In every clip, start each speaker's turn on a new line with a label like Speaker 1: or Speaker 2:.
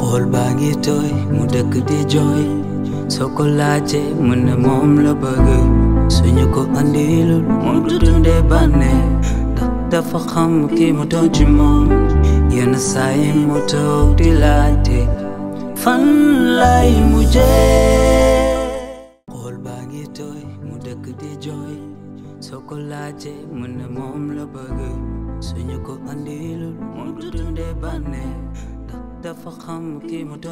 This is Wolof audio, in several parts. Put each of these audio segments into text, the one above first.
Speaker 1: Kol bagi toy mudak di joy Sokolaje muna mom la bagay Sunyo ko andilul mom dudun de bane Tak dafa kham ki mudo jimom Yana sayi muto dilate Fan lai muje Kol bagi toy mudak di joy Sokolaje muna mom la bagay Sunyo ko andilul mom dudun de bane dafa xam kii wax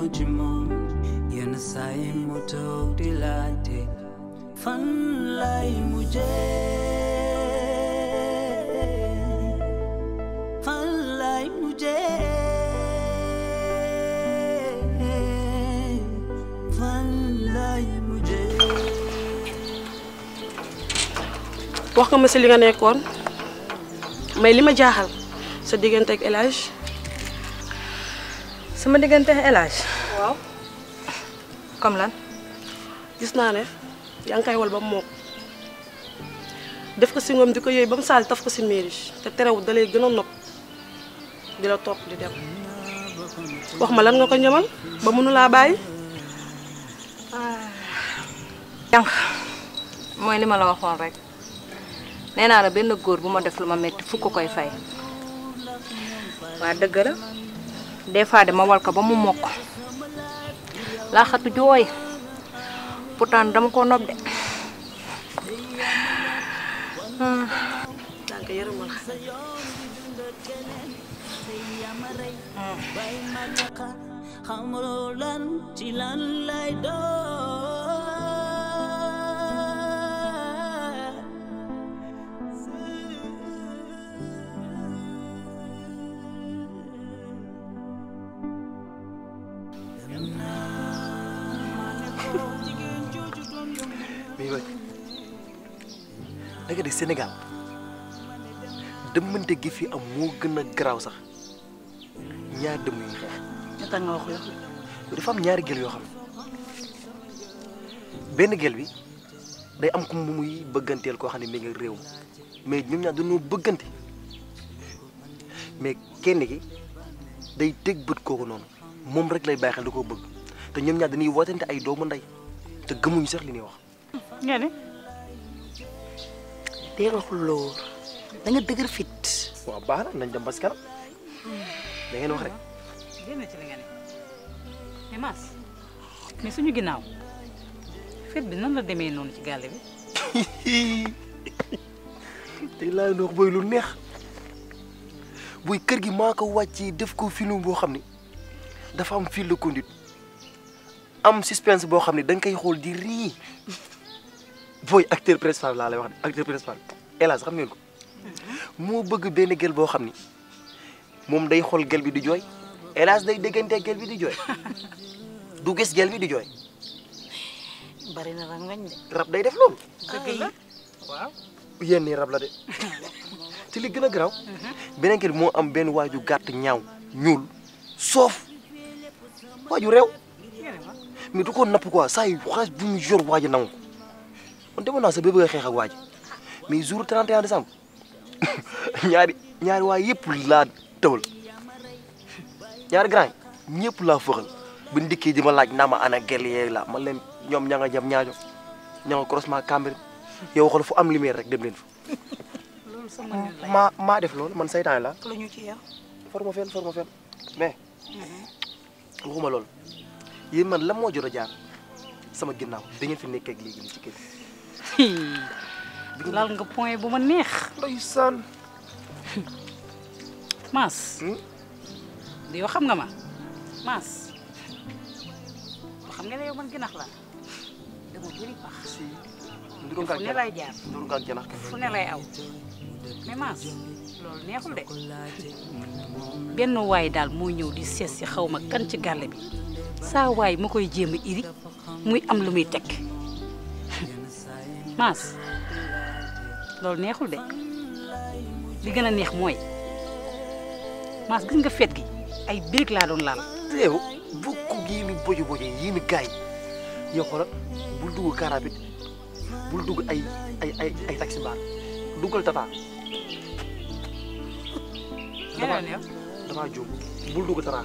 Speaker 2: nga ma si li nekkoon mais li ma jaaxal sa diggante ak sama dengan teh elas. waaw. comme lan. gis na ne yang ngi wal ba def ko si ngoom di ko yooyu ba taf ko si mairie te terewul da lay gën a nopp di la di dem wax ma lan nga ko ñamal ba mënu laa ah.
Speaker 1: la rek nee la benn bu ma def lu ma metti fukk koy fay. waa des fois dama wal ko ba mu mokk laaxatu jooy pourtant dama ko nob de. Hmm. Hmm.
Speaker 3: waay waay da Sénégal dëmmante gi fi am moo gën a garaaw sax ñaar dëmm yu
Speaker 1: nga wax loolu.
Speaker 3: dafa am ñaari gel yoo xam ne benn gel bi day am ku mu muy bëgganteel koo xam ne mi ngi réew mais ñoom ñaar dañoo bëggante mais kenn gi day teg bët kooku noonu moom rek lay bàyyi xel da koo bëgg te ñoom ñaar dañuy wootante ay doomu ndey te gëmuñu sax li ñuy wax.
Speaker 1: nga ne dee waxul loolu da nga fit
Speaker 3: wah baax na nañ dem ba si kanam da ngeen wax rek
Speaker 1: génn ci li nga ne mais mas mais suñu ginnaaw fet bi nan la demee noonu ci gàlle
Speaker 3: bi tey laa leen wax booy lu neex buy kër gi maa ko def ko film boo xam dafa am fil de conduite am suspense boo xam ne da nga di rii booy acteur principal laa la wax de acteur principal hélas xam ngeen ko moo bëgg benn gel boo xam ni moom day xool gel bi di jooy hélas day déggante gel bi di jooy du gis gel bi di jooy.
Speaker 1: bari na rangañ de.
Speaker 3: rab day def loolu.
Speaker 1: dëgg la waaw.
Speaker 3: rab la de te li gën a garaaw. Mhm. beneen kër moo am benn waaju gàtt ñaaw ñuul soof waaju réew. mais du ko napp quoi saa yu xaalis bu mu waaju nangu man demoon naa sa ba bëgg a xeex waa mais jour 31 décembre ñaari ñaari waay yëpp laa tawal ñaari grand yi ñëpp laa fëxal bu ndikkee di ma laaj naa ma ana guerrier la man leen ñoom ña nga jam ñaajo ña nga croisement Cambérène yow xool fu am lumière rek dem leen fo loolu sama maa def lool man saytaan la. lu ñu ci yow. forma fenn forma fenn mais. Mm-hmm. waxuma loolu yéen man lan moo jot a jaar sama ginnaaw da ngeen fi nekkee léegi nii ci
Speaker 1: laal nga point bu ma neex. ndeysaan. Maas. yow hmm? xam nga ma Maas. xam nga ne yow man ginax la dama ak fu ne lay jaar aw mais loolu neexul de. benn waay daal moo ñëw di sees si xaw ma kan ci gàlle bi saa waay ma koy jéem iri muy am lu muy teg. maas loolu neexul de li gën a neex mooy maas gis nga feet gi ay birig laa doon laal. te yow bokku yii mi bojo bojo yii mi gars yi bul dugg car
Speaker 3: bul dugg ay ay ay ay taxi duggal Tata. damaa damaa bul dugg Tata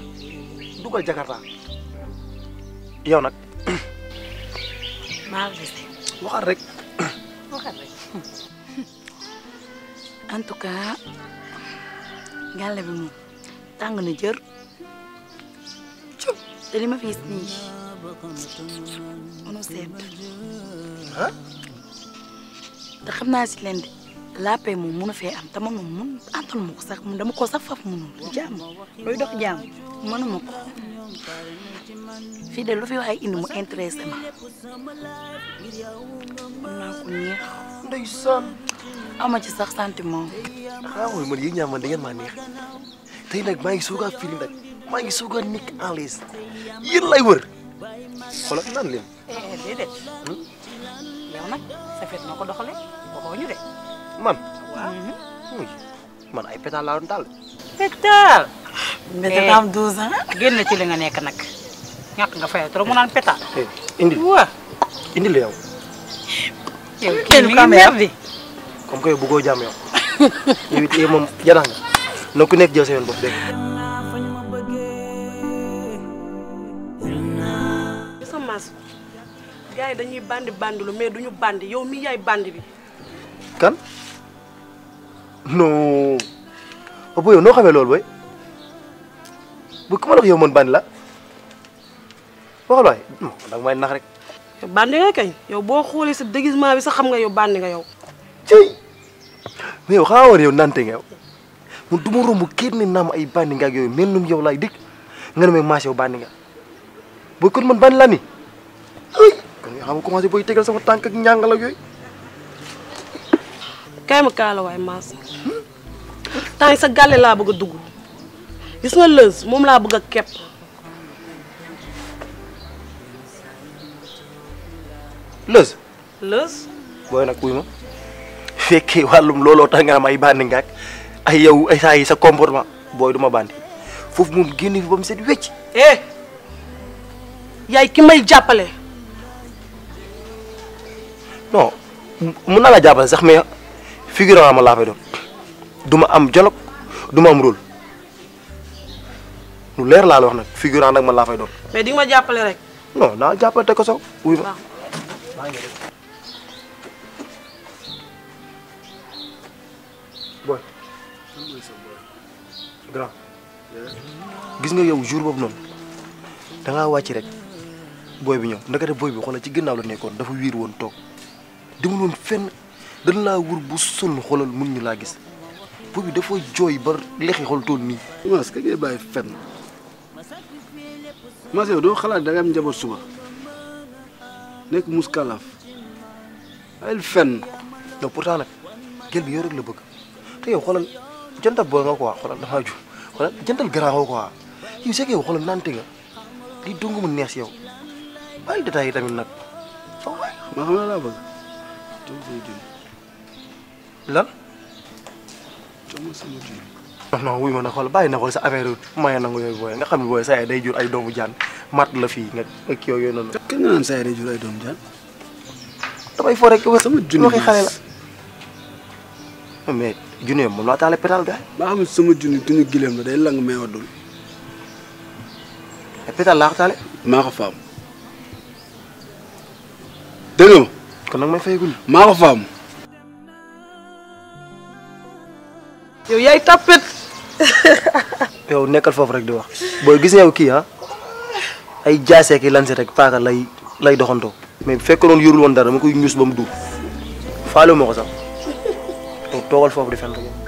Speaker 3: duggal Jakarta yow nag.
Speaker 1: maa rek. waxal rek en tout cas gàlle bi na jër te li ma fi gis nii mënu seet te xam naa si la paix moom mënu fee am te mo moom mun antal ma sax mun dama ko sax faf munul jàmm loy dox jàmm mo ko fi de lu fi waxee indi mu intéressé ma na ko ko ndey son ama ci sax sentiment xaaral
Speaker 3: man yéen ñaar man da ngeen ma neex tay nak ma ngi soog film nak ma ngi soog nik nekk yi l'aise yéen lay wër xoolal naan leen
Speaker 1: eh, dedet hmm? yow nak sa fet noo doxale doxalee waxoo ñu de Mam. Waaw. man ay pétale laa doon daal. pétale. mais am 12 ans. génn ci li nga nekk nag. ñàkk nga fayal trop mu naan pétale.
Speaker 3: indi waaw indi la yow.
Speaker 1: yow kii mi ngi merdi.
Speaker 3: comme que yow bëggoo jàmm yow. yow it moom janax nga. na ku nekk jël sa yoon bopp dégg
Speaker 2: gars dañuy bandi bandi lu mais duñu bandi yow mi yaay bandi bi.
Speaker 3: kan non apa yow no xamee loolu booy bu ku ma la ko yow man bandi la
Speaker 2: waxal waay da nga Non, nax rek. yow bandi nga kay yow boo xoolee sa déguisement bi sax xam nga yow bandi nga yow. ci
Speaker 3: mais yow xaaral yow nante nga yow man du ma romb kenn naam ay bandi nga ak yooyu mel num ne may maas yow bandi nga booy kon man bandi laa ni ya sama tànk ak njàngal
Speaker 2: ak yooyu. kay mas. temps sa gàlle laa bëgg a dugg gis nga lëz moom laa bëgg a kepp lëz lëz
Speaker 3: booy nag kuy ma fekkee wàllum looloo tax nga am ay bandi ngaak ay yow ay saa yi sa comportement booy duma bandi foofu moom génn fi ba mu set wecc eh
Speaker 2: yaay ki may jàppale
Speaker 3: non mun naa la jàppale sax mais figurant ma laa fay duma am dialogue du ma am rôle lu leer laa wax nag figurant nag ma laa fay doon.
Speaker 2: mais di ma jàppale rek.
Speaker 3: non naa jàppale te ko soog. wuy gis nga yow jour boobu noonu da ngaa wàcc rek booy bi ñëw ndekete booy bi xoolal ci ginnaaw la nekkoon dafa wiir woon toog demul woon fenn dañ laa wur bu sonn xoolal mun ñu laa gis. boobu dafa jooy ba lexi xol toon nii. Mass ka ngay bàyyi fenn Mass yow doo xalaat da ngay am suba nekk muskalaaf ay fenn. yow pourtant nag gel bi yow rek la bëgg te yow xoolal jantal bool nga quoi xoolal damaa ju xoolal jantal grand nga quoi yow c'est que yow xoolal nante nga li dong mu neex si yow bàyyi détails yi tamit nag foofu waay. ma xam ne laa bëgg. lan. non wuy ma sa affaire maye nangu yooyu booy nga xam ay doomu jaan mat la day jur ay doomu jaan. damay fo rek. sama la. mais laa taale pétale faam. dégg kon nag may fayagul. maa ko faam.
Speaker 2: yow yaay tàppet.
Speaker 3: yow nekkal foofu rek di wax booy gis nga kii ah ay jaasee ki lanse rek paaka lay lay doxantoo. mais bu fekkee noonu yorul woon dara ma koy ñuus ba mu dugg faale ma ko sax toogal foofu di fen rek.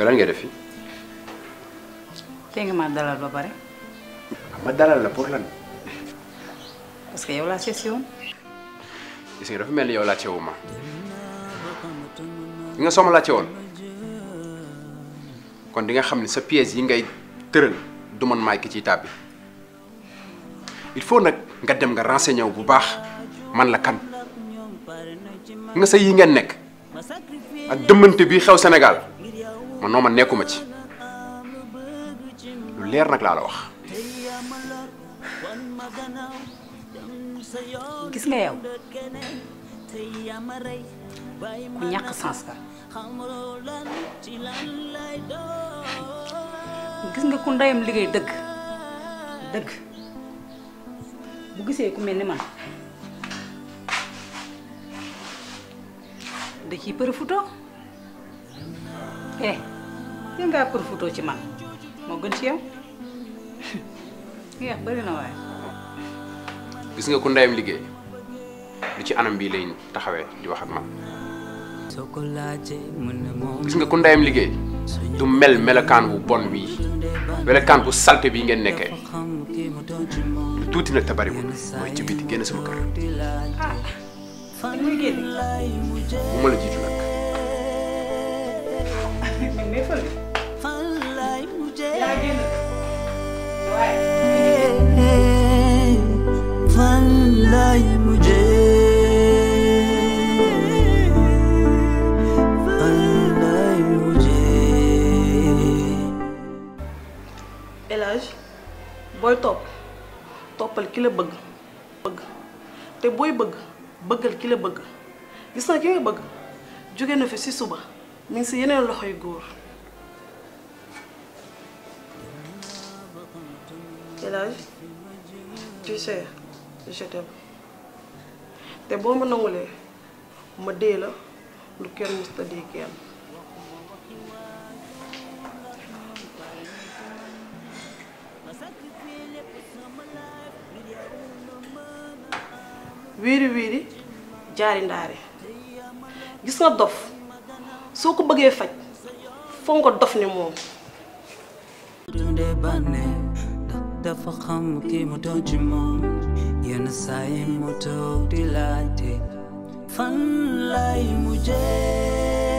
Speaker 2: yow lan ngay def
Speaker 1: ma dalal ba pare.
Speaker 2: ma dalal la pour lan.
Speaker 1: parce que yow laa seet si woon.
Speaker 2: gis nga dafa mel ni yow laajte wu ma. di nga sooma laajte woon kon di nga xam sa yi ngay du man maay ki ciy tàbbi il faut nak nga dem nga renseigné bu baax man la kan nga sa yi ngeen nekk ak dëmmante bi xew man noo ma nekkuma ci lu leer nag laa la wax.
Speaker 1: gis nga yow ku ñàkk sens ka gis nga ku ndeyam liggéey dëgg dëgg bu gisee ku mel ni man da ciy përëfutoo Hei, eh, li ngaa foto cuma, mau moo ya? Iya, boleh yeex bëri na waaye
Speaker 2: gis nga ku ci anam bii lay taxawee di wax ak man gis nga ku du mel melakan bu bon wii Melakan bu salte bi ngeen nekkee lu tuuti nag te bariwul mooy ci biti génn sama kër ah,
Speaker 1: bu ma la jiitu mais fël yaa génn waaye fan lay mujjee
Speaker 2: elage booy topp toppal ki la bëgg bëgg te booy bëgg bëggal ki la bëgg gis na ki nga bëgg jóge na fi si suba mi ngi si yeneen loxo yu góor El boo ma nangulee la lu kenn mës wiiri wiiri jaari ndaare gis nga dof soo ko bëggee faj foo dof ni moom.
Speaker 1: dafa xam ki mu doon ci moom yenn saa yi mu toog di laajte fan lay mujjee